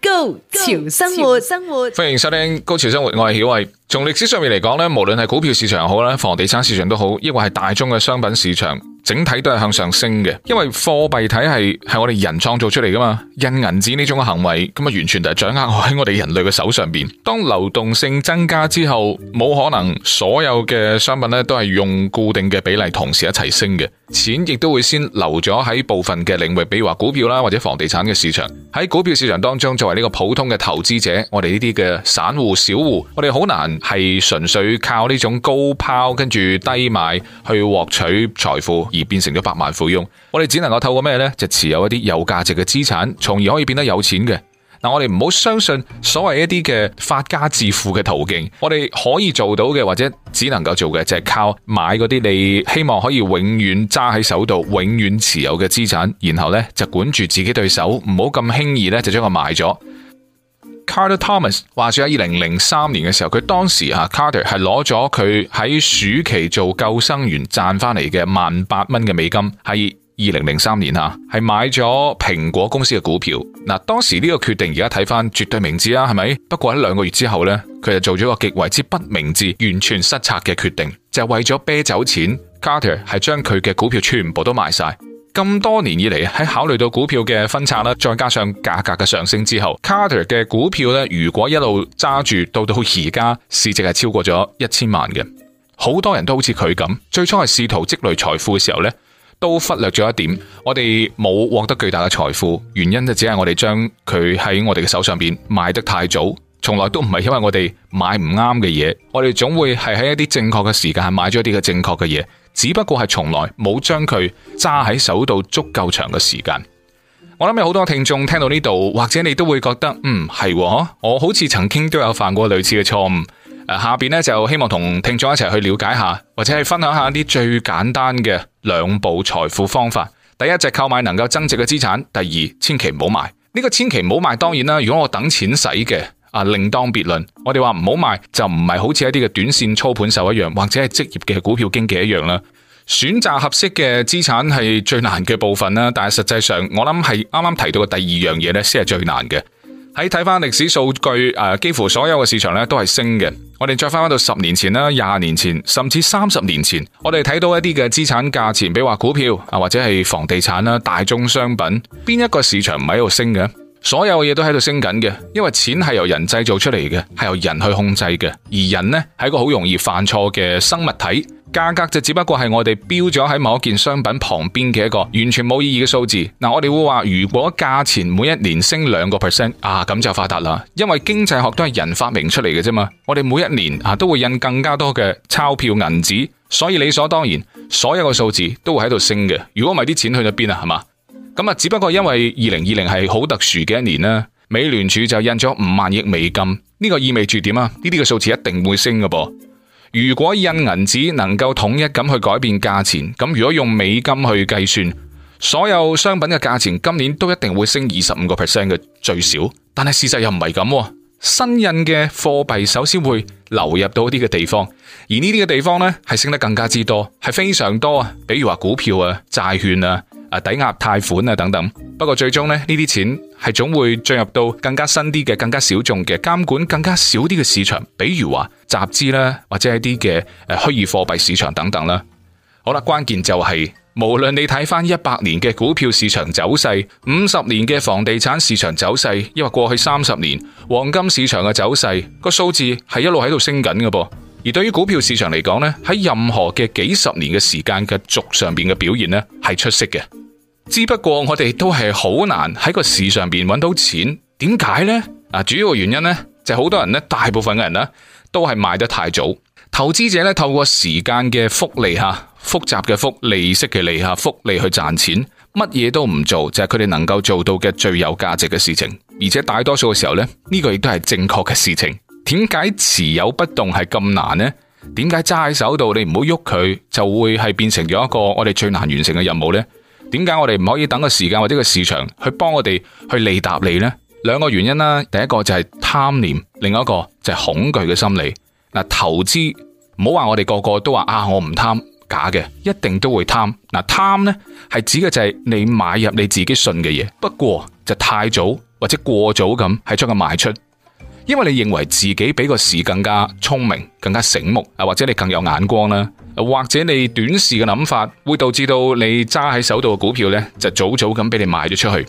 高潮生活，歡迎收聽高潮生活，我係曉慧。從歷史上面嚟講咧，無論係股票市場又好啦，房地產市場都好，抑或係大宗嘅商品市場，整體都係向上升嘅，因為貨幣體系係我哋人創造出嚟噶嘛，印銀紙呢種行為，咁啊完全就係掌握喺我哋人類嘅手上邊。當流動性增加之後，冇可能所有嘅商品咧都係用固定嘅比例同時一齊升嘅。錢亦都會先留咗喺部分嘅領域，比如話股票啦或者房地產嘅市場。喺股票市場當中，作為呢個普通嘅投資者，我哋呢啲嘅散戶小戶，我哋好難係純粹靠呢種高拋跟住低買去獲取財富。而變成咗百萬富翁，我哋只能夠透過咩呢？就持有一啲有價值嘅資產，從而可以變得有錢嘅。嗱，我哋唔好相信所謂一啲嘅發家致富嘅途徑，我哋可以做到嘅或者只能夠做嘅，就係靠買嗰啲你希望可以永遠揸喺手度、永遠持有嘅資產，然後呢，就管住自己對手，唔好咁輕易呢，就將佢賣咗。Carter Thomas 話說，喺二零零三年嘅時候，佢當時啊，Carter 係攞咗佢喺暑期做救生員賺翻嚟嘅萬八蚊嘅美金，係二零零三年啊，係買咗蘋果公司嘅股票。嗱，當時呢個決定而家睇翻絕對明智啊，係咪？不過喺兩個月之後呢，佢就做咗一個極為之不明智、完全失策嘅決定，就係為咗啤酒錢，Carter 係將佢嘅股票全部都賣晒。咁多年以嚟，喺考慮到股票嘅分拆啦，再加上價格嘅上升之後，Carter 嘅股票咧，如果一路揸住到到而家，市值係超過咗一千萬嘅。好多人都好似佢咁，最初係試圖積累財富嘅時候咧，都忽略咗一點，我哋冇獲得巨大嘅財富，原因就只係我哋將佢喺我哋嘅手上邊賣得太早。從來都唔係因為我哋買唔啱嘅嘢，我哋總會係喺一啲正確嘅時間係買咗一啲嘅正確嘅嘢，只不過係從來冇將佢揸喺手度足夠長嘅時間。我諗有好多聽眾聽到呢度，或者你都會覺得嗯，係哦，我好似曾經都有犯過類似嘅錯誤。啊，下邊呢，就希望同聽眾一齊去了解下，或者係分享一下啲最簡單嘅兩步財富方法：第一，就購買能夠增值嘅資產；第二，千祈唔好賣。呢個千祈唔好賣，當然啦，如果我等錢使嘅。啊，另當別論。我哋話唔好賣就唔係好似一啲嘅短線操盤手一樣，或者係職業嘅股票經紀一樣啦。選擇合適嘅資產係最難嘅部分啦。但係實際上，我諗係啱啱提到嘅第二樣嘢呢先係最難嘅。喺睇翻歷史數據，誒，幾乎所有嘅市場呢都係升嘅。我哋再翻翻到十年前啦，廿年前，甚至三十年前，我哋睇到一啲嘅資產價錢，比如話股票啊，或者係房地產啦、大宗商品，邊一個市場唔喺度升嘅？所有嘢都喺度升緊嘅，因為錢係由人製造出嚟嘅，係由人去控制嘅。而人呢係一個好容易犯錯嘅生物體，價格就只不過係我哋標咗喺某件商品旁邊嘅一個完全冇意義嘅數字。嗱、嗯，我哋會話如果價錢每一年升兩個 percent，啊咁就發達啦，因為經濟學都係人發明出嚟嘅啫嘛。我哋每一年啊都會印更加多嘅鈔票銀紙，所以理所當然，所有嘅數字都會喺度升嘅。如果唔係啲錢去咗邊啊，係嘛？咁啊，只不過因為二零二零係好特殊嘅一年啦，美聯儲就印咗五萬億美金，呢個意味住點啊？呢啲嘅數字一定會升嘅噃。如果印銀紙能夠統一咁去改變價錢，咁如果用美金去計算，所有商品嘅價錢今年都一定會升二十五個 percent 嘅最少。但係事實又唔係咁，新印嘅貨幣首先會流入到一啲嘅地方，而呢啲嘅地方呢係升得更加之多，係非常多啊，比如話股票啊、債券啊。抵押貸款啊，等等。不過最終咧，呢啲錢係總會進入到更加新啲嘅、更加小眾嘅、監管更加少啲嘅市場，比如話集資啦，或者一啲嘅誒虛擬貨幣市場等等啦。好啦，關鍵就係、是、無論你睇翻一百年嘅股票市場走勢、五十年嘅房地產市場走勢，抑或過去三十年黃金市場嘅走勢，個數字係一路喺度升緊嘅噃。而對於股票市場嚟講咧，喺任何嘅幾十年嘅時間嘅軸上邊嘅表現咧係出色嘅。只不過我哋都係好難喺個市上邊揾到錢。點解咧？啊，主要嘅原因咧就係好多人咧，大部分嘅人咧都係賣得太早。投資者咧透過時間嘅複利嚇，複雜嘅複，利息嘅利嚇，複利去賺錢，乜嘢都唔做，就係佢哋能夠做到嘅最有價值嘅事情。而且大多數嘅時候咧，呢個亦都係正確嘅事情。點解持有不動係咁難呢？點解揸喺手度你唔好喐佢，就會係變成咗一個我哋最難完成嘅任務呢？點解我哋唔可以等個時間或者個市場去幫我哋去利答你呢？兩個原因啦，第一個就係貪念，另一個就係恐懼嘅心理。嗱，投資唔好話我哋個個都話啊，我唔貪，假嘅一定都會貪。嗱，貪呢係指嘅就係你買入你自己信嘅嘢，不過就太早或者過早咁係將佢賣出。因為你認為自己比個市更加聰明、更加醒目啊，或者你更有眼光啦，或者你短視嘅諗法，會導致到你揸喺手度嘅股票呢，就早早咁俾你賣咗出去。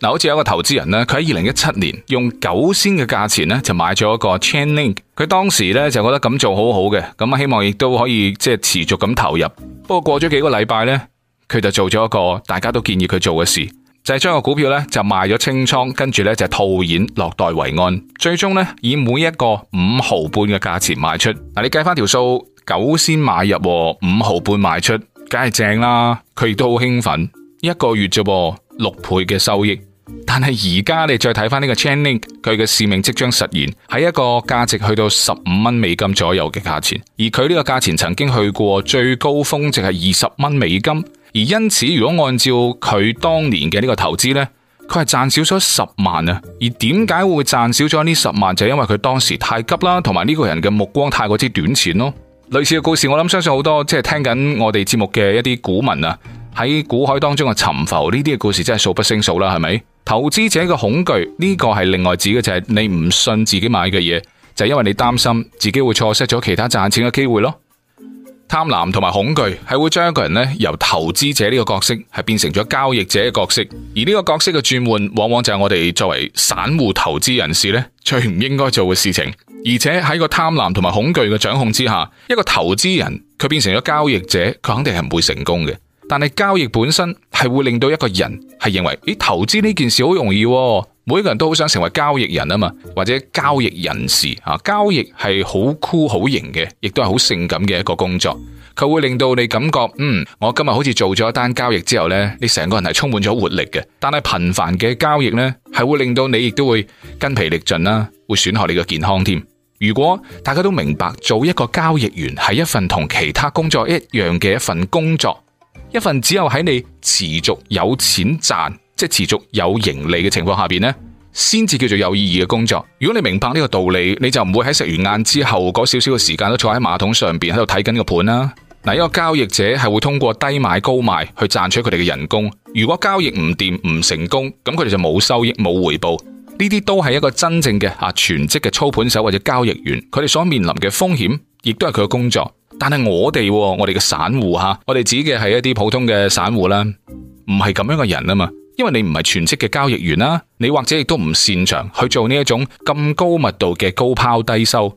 嗱，好似有一個投資人呢，佢喺二零一七年用九仙嘅價錢呢，就買咗一個 Chainlink，佢當時呢，就覺得咁做好好嘅，咁啊希望亦都可以即係持續咁投入。不過過咗幾個禮拜呢，佢就做咗一個大家都建議佢做嘅事。就係將個股票呢，就賣咗清倉，跟住呢，就套現落袋為安，最終呢，以每一個五毫半嘅價錢賣出。嗱，你計翻條數，九先買入，五毫半賣出，梗係正啦。佢亦都好興奮，一個月啫噃六倍嘅收益。但係而家你再睇翻呢個 Chainlink，佢嘅使命即將實現，喺一個價值去到十五蚊美金左右嘅價錢，而佢呢個價錢曾經去過最高峰值，淨係二十蚊美金。而因此，如果按照佢當年嘅呢個投資呢，佢係賺少咗十萬啊！而點解會賺少咗呢十萬？就係因為佢當時太急啦，同埋呢個人嘅目光太過之短淺咯。類似嘅故事，我諗相信好多即係聽緊我哋節目嘅一啲股民啊，喺股海當中嘅沉浮呢啲嘅故事真係數不勝數啦，係咪？投資者嘅恐懼呢個係另外指嘅就係你唔信自己買嘅嘢，就係因為你擔心自己會錯失咗其他賺錢嘅機會咯。貪婪同埋恐懼係會將一個人咧，由投資者呢個角色係變成咗交易者嘅角色，而呢個角色嘅轉換往往就係我哋作為散戶投資人士咧，最唔應該做嘅事情，而且喺個貪婪同埋恐懼嘅掌控之下，一個投資人佢變成咗交易者，佢肯定係唔會成功嘅。但係交易本身係會令到一個人係認為誒，投資呢件事好容易啊。每個人都好想成為交易人啊嘛，或者交易人士啊，交易係好酷好型嘅，亦都係好性感嘅一個工作，佢會令到你感覺，嗯，我今日好似做咗一單交易之後呢，你成個人係充滿咗活力嘅。但係頻繁嘅交易呢，係會令到你亦都會筋疲力盡啦，會損害你嘅健康添。如果大家都明白，做一個交易員係一份同其他工作一樣嘅一份工作，一份只有喺你持續有錢賺。即持續有盈利嘅情況下邊咧，先至叫做有意義嘅工作。如果你明白呢個道理，你就唔會喺食完晏之後嗰少少嘅時間都坐喺馬桶上邊喺度睇緊個盤啦。嗱，一個交易者係會通過低買高賣去賺取佢哋嘅人工。如果交易唔掂唔成功，咁佢哋就冇收益冇回報。呢啲都係一個真正嘅啊全職嘅操盤手或者交易員，佢哋所面臨嘅風險，亦都係佢嘅工作。但係我哋我哋嘅散戶吓，我哋指嘅係一啲普通嘅散戶啦，唔係咁樣嘅人啊嘛。因為你唔係全職嘅交易員啦，你或者亦都唔擅長去做呢一種咁高密度嘅高拋低收。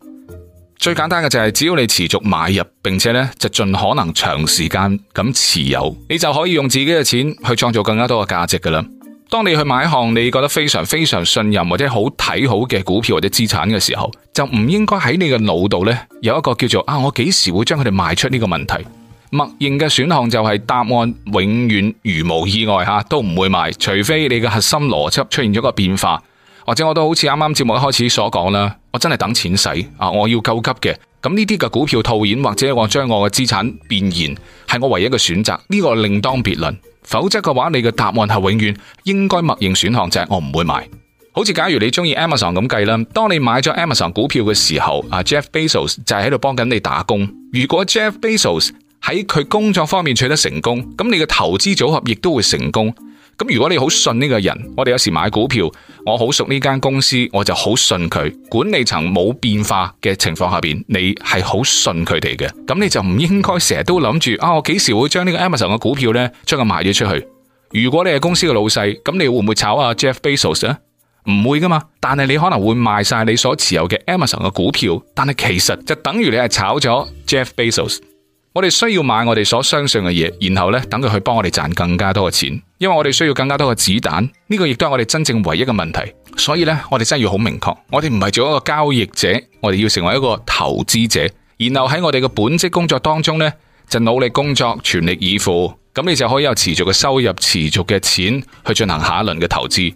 最簡單嘅就係、是，只要你持續買入，並且呢就盡可能長時間咁持有，你就可以用自己嘅錢去創造更加多嘅價值噶啦。當你去買一項你覺得非常非常信任或者看好睇好嘅股票或者資產嘅時候，就唔應該喺你嘅腦度咧有一個叫做，啊，我幾時會將佢哋賣出呢個問題。默認嘅選項就係答案，永遠如無意外吓都唔會賣，除非你嘅核心邏輯出現咗個變化，或者我都好似啱啱節目一開始所講啦。我真係等錢使啊，我要救急嘅。咁呢啲嘅股票套現或者我將我嘅資產變現係我唯一嘅選擇，呢個另當別論。否則嘅話，你嘅答案係永遠應該默認選項，就係我唔會賣。好似假如你中意 Amazon 咁計啦，當你買咗 Amazon 股票嘅時候，啊 Jeff Bezos 就係喺度幫緊你打工。如果 Jeff Bezos 喺佢工作方面取得成功，咁你嘅投資組合亦都會成功。咁如果你好信呢個人，我哋有時買股票，我好熟呢間公司，我就好信佢，管理層冇變化嘅情況下邊，你係好信佢哋嘅。咁你就唔應該成日都諗住啊，我、哦、幾時會將呢個 Amazon 嘅股票呢將佢賣咗出去？如果你係公司嘅老細，咁你會唔會炒下、啊、Jeff Bezos 呢？唔會噶嘛，但係你可能會賣晒你所持有嘅 Amazon 嘅股票，但係其實就等於你係炒咗 Jeff Bezos。我哋需要買我哋所相信嘅嘢，然後咧，等佢去幫我哋賺更加多嘅錢，因為我哋需要更加多嘅子彈，呢個亦都係我哋真正唯一嘅問題。所以咧，我哋真係要好明確，我哋唔係做一個交易者，我哋要成為一個投資者。然後喺我哋嘅本職工作當中咧，就努力工作，全力以赴，咁你就可以有持續嘅收入，持續嘅錢去進行下一輪嘅投資。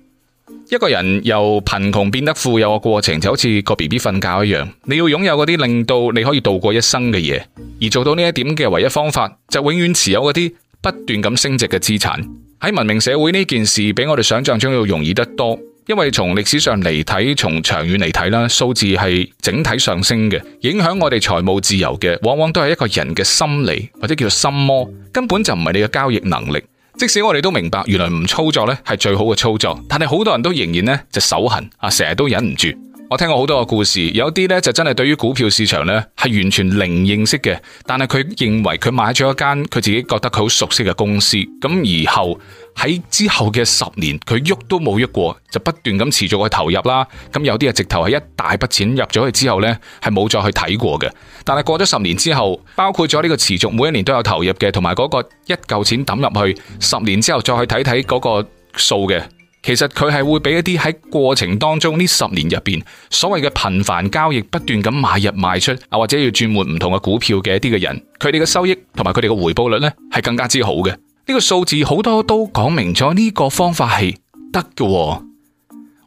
一個人由貧窮變得富有嘅過程，就好似個 BB 瞓覺一樣。你要擁有嗰啲令到你可以度過一生嘅嘢，而做到呢一點嘅唯一方法，就永遠持有嗰啲不斷咁升值嘅資產。喺文明社會，呢件事比我哋想象中要容易得多。因為從歷史上嚟睇，從長遠嚟睇啦，數字係整體上升嘅。影響我哋財務自由嘅，往往都係一個人嘅心理或者叫做心魔，根本就唔係你嘅交易能力。即使我哋都明白，原來唔操作咧係最好嘅操作，但係好多人都仍然咧就手痕啊，成日都忍唔住。我聽過好多個故事，有啲咧就真係對於股票市場咧係完全零認識嘅，但係佢認為佢買咗一間佢自己覺得佢好熟悉嘅公司，咁而後。喺之後嘅十年，佢喐都冇喐過，就不斷咁持續去投入啦。咁有啲嘢直頭係一大筆錢入咗去之後呢，係冇再去睇過嘅。但係過咗十年之後，包括咗呢個持續每一年都有投入嘅，同埋嗰個一嚿錢抌入去，十年之後再去睇睇嗰個數嘅，其實佢係會俾一啲喺過程當中呢十年入邊所謂嘅頻繁交易、不斷咁買入賣出啊，或者要轉換唔同嘅股票嘅一啲嘅人，佢哋嘅收益同埋佢哋嘅回報率呢，係更加之好嘅。呢個數字好多都講明咗呢個方法係得嘅。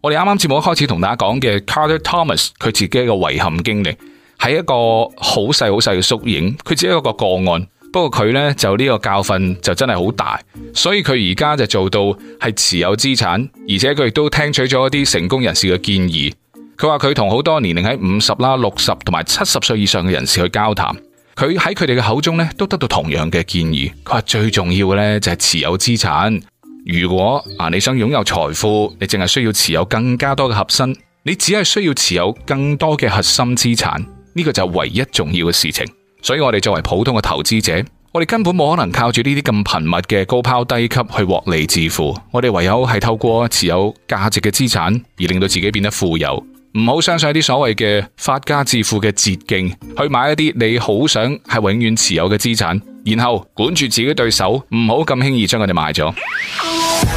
我哋啱啱節目一開始同大家講嘅 Carter Thomas 佢自己嘅遺憾經歷，係一個好細好細嘅縮影。佢只係一個個案，不過佢呢，就呢個教訓就真係好大。所以佢而家就做到係持有資產，而且佢亦都聽取咗一啲成功人士嘅建議。佢話佢同好多年齡喺五十啦、六十同埋七十歲以上嘅人士去交談。佢喺佢哋嘅口中咧，都得到同樣嘅建議。佢話最重要嘅咧就係持有資產。如果啊你想擁有財富，你淨係需要持有更加多嘅核心，你只係需要持有更多嘅核心資產。呢個就係唯一重要嘅事情。所以我哋作為普通嘅投資者，我哋根本冇可能靠住呢啲咁頻密嘅高拋低吸去獲利致富。我哋唯有係透過持有價值嘅資產，而令到自己變得富有。唔好相信啲所謂嘅發家致富嘅捷徑，去買一啲你好想係永遠持有嘅資產，然後管住自己對手，唔好咁輕易將佢哋賣咗。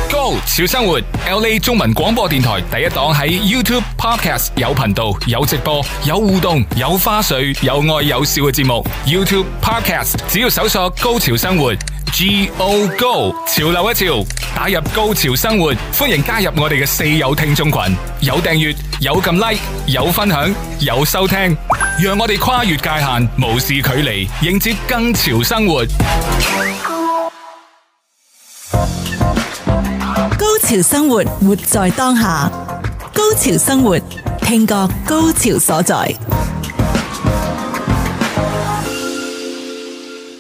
Go！潮生活，L A 中文廣播電台第一檔喺 YouTube Podcast 有頻道、有直播、有互動、有花絮、有愛有笑嘅節目。YouTube Podcast 只要搜索“高潮生活 ”，Go！Go！潮流一潮。打入高潮生活，歡迎加入我哋嘅四友聽眾群，有訂閱，有撳 like，有分享，有收聽，讓我哋跨越界限，無視距離，迎接更潮生活。高潮生活，活在當下；高潮生活，聽覺高潮所在。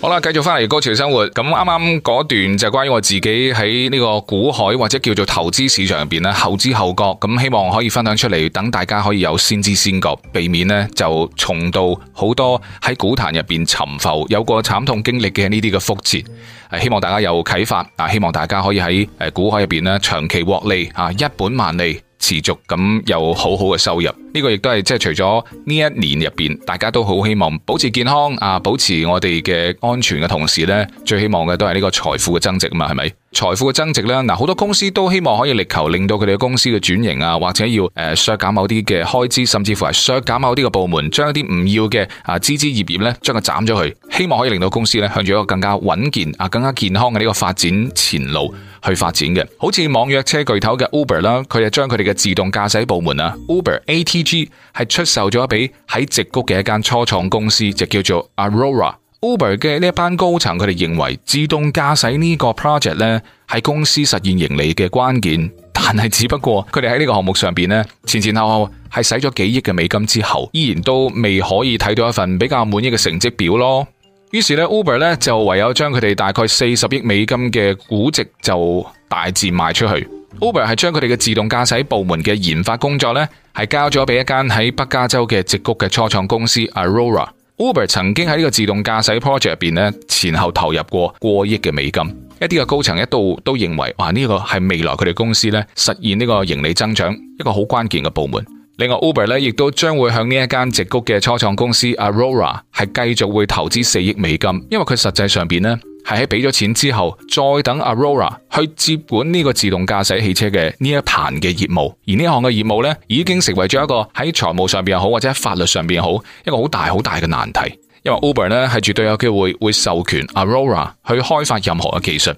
好啦，繼續翻嚟歌詞生活。咁啱啱嗰段就關於我自己喺呢個股海或者叫做投資市場入邊咧，後知後覺，咁希望可以分享出嚟，等大家可以有先知先覺，避免呢就重蹈好多喺股壇入邊沉浮，有過慘痛經歷嘅呢啲嘅覆轍。誒，希望大家有啟發，啊，希望大家可以喺誒股海入邊咧長期獲利，啊，一本萬利。持續咁有好好嘅收入，呢個亦都係除咗呢一年入邊，大家都好希望保持健康啊，保持我哋嘅安全嘅同時呢，最希望嘅都係呢個財富嘅增值啊嘛，係咪？財富嘅增值啦，嗱好多公司都希望可以力求令到佢哋嘅公司嘅轉型啊，或者要誒削減某啲嘅開支，甚至乎係削減某啲嘅部門，一季季業業將一啲唔要嘅啊枝枝葉葉咧，將佢斬咗佢，希望可以令到公司咧向住一個更加穩健啊、更加健康嘅呢個發展前路去發展嘅。好似網約車巨頭嘅 Uber 啦，佢就將佢哋嘅自動駕駛部門啊，Uber ATG 係出售咗俾喺直谷嘅一間初創公司，就叫做 Aurora。Uber 嘅呢一班高層，佢哋認為自動駕駛呢個 project 呢係公司實現盈利嘅關鍵，但係只不過佢哋喺呢個項目上邊呢，前前後後係使咗幾億嘅美金之後，依然都未可以睇到一份比較滿意嘅成績表咯。於是呢 Uber 呢就唯有將佢哋大概四十億美金嘅估值就大致賣出去。Uber 係將佢哋嘅自動駕駛部門嘅研發工作呢，係交咗俾一間喺北加州嘅矽谷嘅初創公司 Aurora。Uber 曾經喺呢個自動駕駛 project 入面呢，前後投入過過億嘅美金，一啲嘅高層一度都認為，哇，呢個係未來佢哋公司咧實現呢個盈利增長一個好關鍵嘅部門。另外，Uber 咧亦都將會向呢一間矽谷嘅初創公司 Aurora 係繼續會投資四億美金，因為佢實際上邊係喺俾咗錢之後，再等 Aurora 去接管呢個自動駕駛汽車嘅呢一盤嘅業務，而呢項嘅業務呢，已經成為咗一個喺財務上邊又好，或者喺法律上邊又好，一個好大好大嘅難題。因為 Uber 呢係絕對有機會會授權 Aurora 去開發任何嘅技術。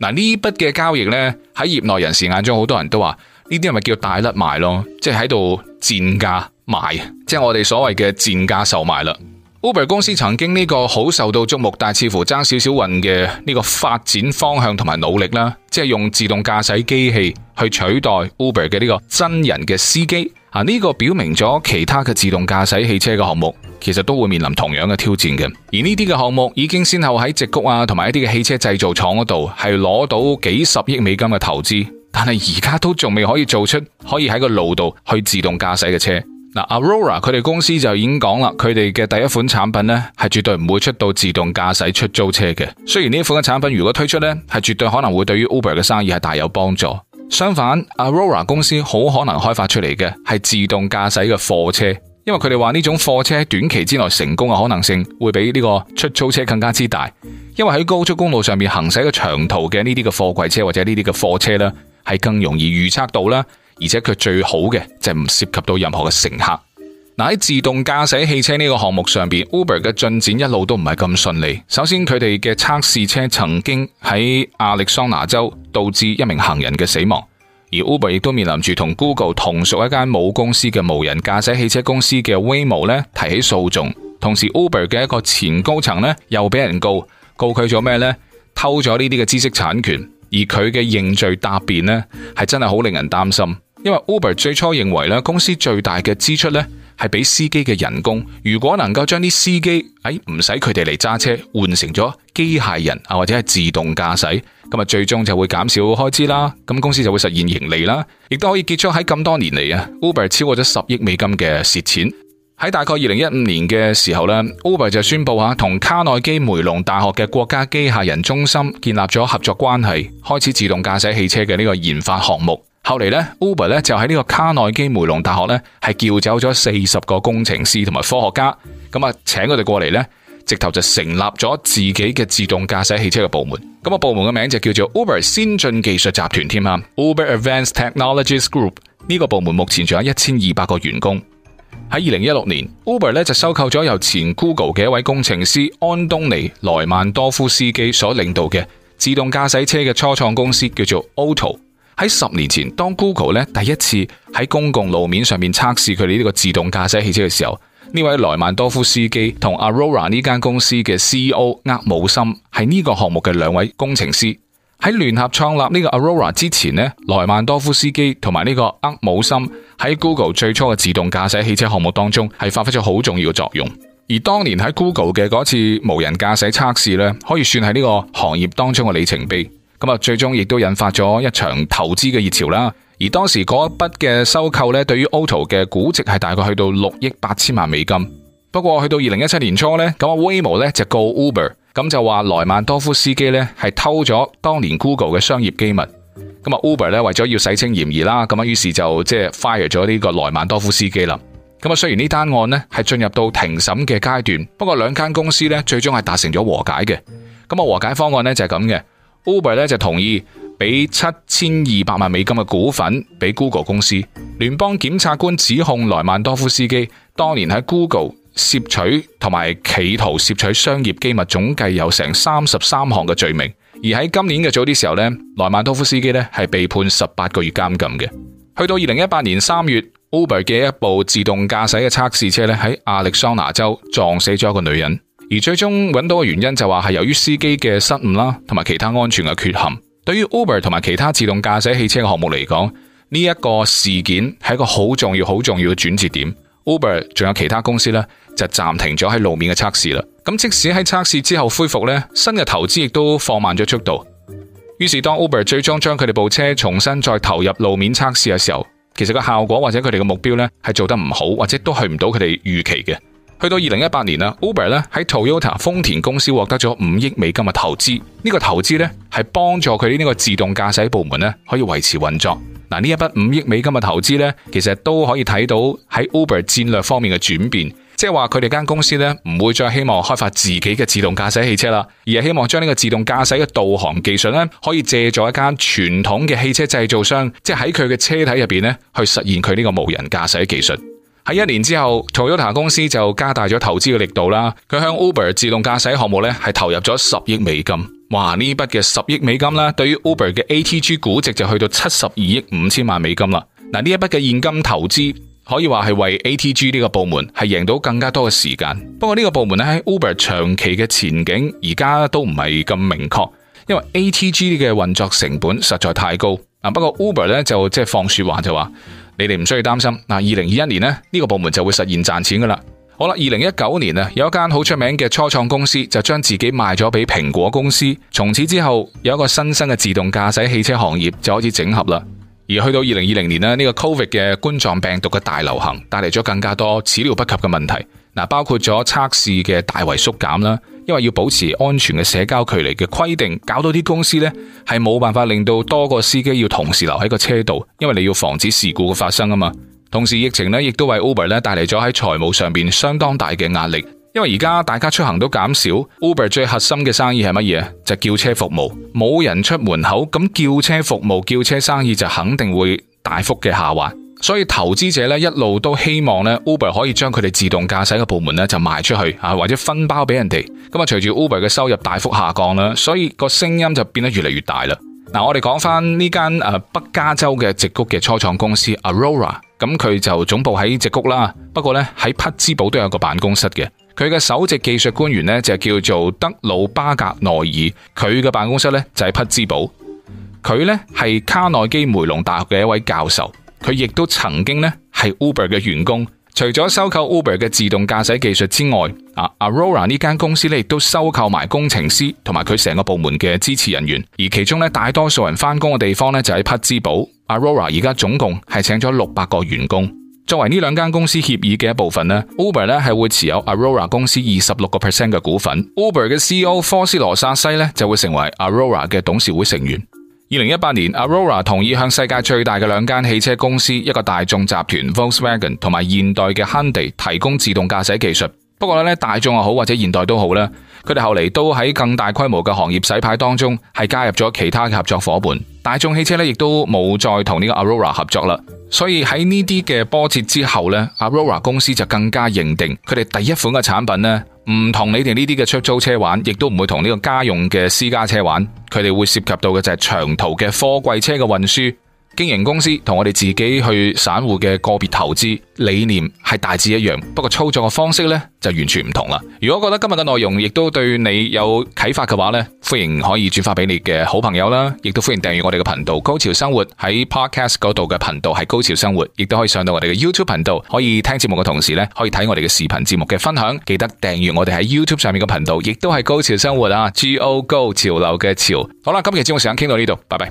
嗱、啊，呢筆嘅交易呢，喺業內人士眼中，好多人都話呢啲係咪叫大甩賣咯？即係喺度賤價賣，即、就、係、是、我哋所謂嘅賤價售賣啦。Uber 公司曾經呢個好受到矚目，但似乎爭少少運嘅呢個發展方向同埋努力啦，即係用自動駕駛機器去取代 Uber 嘅呢個真人嘅司機啊！呢個表明咗其他嘅自動駕駛汽車嘅項目其實都會面臨同樣嘅挑戰嘅。而呢啲嘅項目已經先後喺直谷啊同埋一啲嘅汽車製造廠嗰度係攞到幾十億美金嘅投資，但係而家都仲未可以做出可以喺個路度去自動駕駛嘅車。嗱，Aurora 佢哋公司就已經講啦，佢哋嘅第一款產品咧，係絕對唔會出到自動駕駛出租車嘅。雖然呢款嘅產品如果推出咧，係絕對可能會對於 Uber 嘅生意係大有幫助。相反，Aurora 公司好可能開發出嚟嘅係自動駕駛嘅貨車，因為佢哋話呢種貨車短期之內成功嘅可能性會比呢個出租車更加之大，因為喺高速公路上面行駛嘅長途嘅呢啲嘅貨櫃車或者呢啲嘅貨車咧，係更容易預測到啦。而且佢最好嘅就唔涉及到任何嘅乘客。嗱，喺自動駕駛汽車呢個項目上邊，Uber 嘅進展一路都唔係咁順利。首先佢哋嘅測試車曾經喺亞利桑拿州導致一名行人嘅死亡，而 Uber 亦都面臨住 Go 同 Google 同屬一間母公司嘅無人駕駛汽車公司嘅 Waymo 咧提起訴訟。同時 Uber 嘅一個前高層咧又俾人告，告佢咗咩咧？偷咗呢啲嘅知識產權，而佢嘅認罪答辯咧係真係好令人擔心。因為 Uber 最初認為咧，公司最大嘅支出咧係俾司機嘅人工。如果能夠將啲司機誒唔使佢哋嚟揸車，換成咗機械人啊或者係自動駕駛，咁啊最終就會減少開支啦。咁公司就會實現盈利啦。亦都可以結束喺咁多年嚟啊，Uber 超過咗十億美金嘅蝕錢。喺大概二零一五年嘅時候咧，Uber 就宣布啊，同卡內基梅隆大學嘅國家機械人中心建立咗合作關係，開始自動駕駛汽車嘅呢個研發項目。後嚟咧，Uber 咧就喺呢個卡內基梅隆大學咧，係叫走咗四十個工程師同埋科學家，咁啊，請佢哋過嚟咧，直頭就成立咗自己嘅自動駕駛汽車嘅部門。咁啊，部門嘅名就叫做先進 Uber 先進技術集團添，Uber Advanced Technologies Group。呢個部門目前仲有一千二百個員工。喺二零一六年，Uber 咧就收購咗由前 Google 嘅一位工程師安東尼萊曼多夫斯基所領導嘅自動駕駛車嘅初創公司，叫做 Otto。喺十年前，當 Google 咧第一次喺公共路面上面測試佢哋呢個自動駕駛汽車嘅時候，呢位萊萬多夫斯基同 Aurora 呢間公司嘅 CEO 厄姆森係呢個項目嘅兩位工程師。喺聯合創立呢個 Aurora 之前咧，萊萬多夫斯基同埋呢個厄姆森喺 Google 最初嘅自動駕駛汽車項目當中係發揮咗好重要嘅作用。而當年喺 Google 嘅嗰次無人駕駛測試咧，可以算係呢個行業當中嘅里程碑。咁啊，最終亦都引發咗一場投資嘅熱潮啦。而當時嗰一筆嘅收購咧，對於 Otto 嘅估值係大概去到六億八千萬美金。不過去到二零一七年初呢，咁啊 Waymo 咧就告 Uber，咁就話萊曼多夫斯基咧係偷咗當年 Google 嘅商業機密。咁啊 Uber 咧為咗要洗清嫌疑啦，咁啊於是就即係 fire 咗呢個萊曼多夫斯基啦。咁啊雖然呢單案呢係進入到庭審嘅階段，不過兩間公司咧最終係達成咗和解嘅。咁啊和解方案呢就係咁嘅。Uber 咧就同意俾七千二百萬美金嘅股份俾 Google 公司。聯邦檢察官指控萊曼多夫斯基當年喺 Google 攝取同埋企圖攝取商業機密，總計有成三十三項嘅罪名。而喺今年嘅早啲時候咧，萊曼多夫斯基咧係被判十八個月監禁嘅。去到二零一八年三月，Uber 嘅一部自動駕駛嘅測試車咧喺亞利桑拿州撞死咗一個女人。而最終揾到嘅原因就話係由於司機嘅失誤啦，同埋其他安全嘅缺陷。對於 Uber 同埋其他自動駕駛汽車嘅項目嚟講，呢、這、一個事件係一個好重要、好重要嘅轉折點。Uber 仲有其他公司呢，就暫停咗喺路面嘅測試啦。咁即使喺測試之後恢復呢，新嘅投資亦都放慢咗速度。於是當 Uber 最終將佢哋部車重新再投入路面測試嘅時候，其實個效果或者佢哋嘅目標呢，係做得唔好，或者都去唔到佢哋預期嘅。去到二零一八年啦，Uber 咧喺 Toyota 豐田公司獲得咗五億美金嘅投資，呢個投資咧係幫助佢呢個自動駕駛部門咧可以維持運作。嗱，呢一筆五億美金嘅投資咧，其實都可以睇到喺 Uber 戰略方面嘅轉變，即係話佢哋間公司咧唔會再希望開發自己嘅自動駕駛汽車啦，而係希望將呢個自動駕駛嘅導航技術咧可以借助一間傳統嘅汽車製造商，即係喺佢嘅車體入邊咧去實現佢呢個無人駕駛技術。喺一年之後 Toyota 公司就加大咗投資嘅力度啦。佢向 Uber 自動駕駛項目咧係投入咗十億美金。哇！呢筆嘅十億美金啦，對於 Uber 嘅 ATG 估值就去到七十二億五千萬美金啦。嗱，呢一筆嘅現金投資可以話係為 ATG 呢個部門係贏到更加多嘅時間。不過呢個部門咧喺 Uber 長期嘅前景而家都唔係咁明確，因為 ATG 嘅運作成本實在太高。嗱，不過 Uber 咧就即、是、係放話說話就話。你哋唔需要擔心嗱，二零二一年呢，呢個部門就會實現賺錢噶啦。好啦，二零一九年啊，有一間好出名嘅初創公司就將自己賣咗俾蘋果公司，從此之後有一個新生嘅自動駕駛汽車行業就開始整合啦。而去到二零二零年呢，呢個 Covid 嘅冠狀病毒嘅大流行帶嚟咗更加多始料不及嘅問題，嗱包括咗測試嘅大為縮減啦。因為要保持安全嘅社交距離嘅規定，搞到啲公司呢係冇辦法令到多個司機要同時留喺個車度，因為你要防止事故嘅發生啊嘛。同時疫情呢亦都為 Uber 呢帶嚟咗喺財務上邊相當大嘅壓力，因為而家大家出行都減少。Uber 最核心嘅生意係乜嘢啊？就叫車服務，冇人出門口咁叫車服務叫車生意就肯定會大幅嘅下滑。所以投資者咧一路都希望咧 Uber 可以將佢哋自動駕駛嘅部門咧就賣出去啊，或者分包俾人哋。咁啊，隨住 Uber 嘅收入大幅下降啦，所以個聲音就變得越嚟越大啦。嗱、啊，我哋講翻呢間誒北加州嘅直谷嘅初創公司 Aurora，咁佢就總部喺直谷啦。不過咧喺匹茲堡都有個辦公室嘅。佢嘅首席技術官員呢就叫做德魯巴格內爾，佢嘅辦公室咧就喺匹茲堡。佢咧係卡內基梅隆大學嘅一位教授。佢亦都曾經咧係 Uber 嘅員工，除咗收購 Uber 嘅自動駕駛技術之外，Aurora 呢間公司咧亦都收購埋工程師同埋佢成個部門嘅支持人員，而其中大多數人返工嘅地方就喺匹茲堡。Aurora 而家總共係請咗六百個員工。作為呢兩間公司協議嘅一部分，Uber 咧係會持有 Aurora 公司二十六個 percent 嘅股份。Uber 嘅 CEO 科斯羅薩西就會成為 Aurora 嘅董事會成員。二零一八年，Aurora 同意向世界最大嘅兩間汽車公司一個大眾集團 Volkswagen 同埋現代嘅 Hyundai 提供自動駕駛技術。不過咧，大眾又好或者現代都好啦，佢哋後嚟都喺更大規模嘅行業洗牌當中係加入咗其他嘅合作伙伴。大眾汽車咧亦都冇再同呢個 Aurora 合作啦。所以喺呢啲嘅波折之後呢，Aurora 公司就更加認定佢哋第一款嘅產品呢。唔同你哋呢啲嘅出租車玩，亦都唔會同呢個家用嘅私家車玩，佢哋會涉及到嘅就係長途嘅貨櫃車嘅運輸。經營公司同我哋自己去散戶嘅個別投資理念係大致一樣，不過操作嘅方式呢就完全唔同啦。如果覺得今日嘅內容亦都對你有啟發嘅話呢。歡迎可以轉發俾你嘅好朋友啦，亦都歡迎訂閱我哋嘅頻道。高潮生活喺 Podcast 嗰度嘅頻道係高潮生活，亦都可以上到我哋嘅 YouTube 頻道，可以聽節目嘅同時呢，可以睇我哋嘅視頻節目嘅分享。記得訂閱我哋喺 YouTube 上面嘅頻道，亦都係高潮生活啊！Go Go 潮流嘅潮。好啦，今期節目時間傾到呢度，拜拜。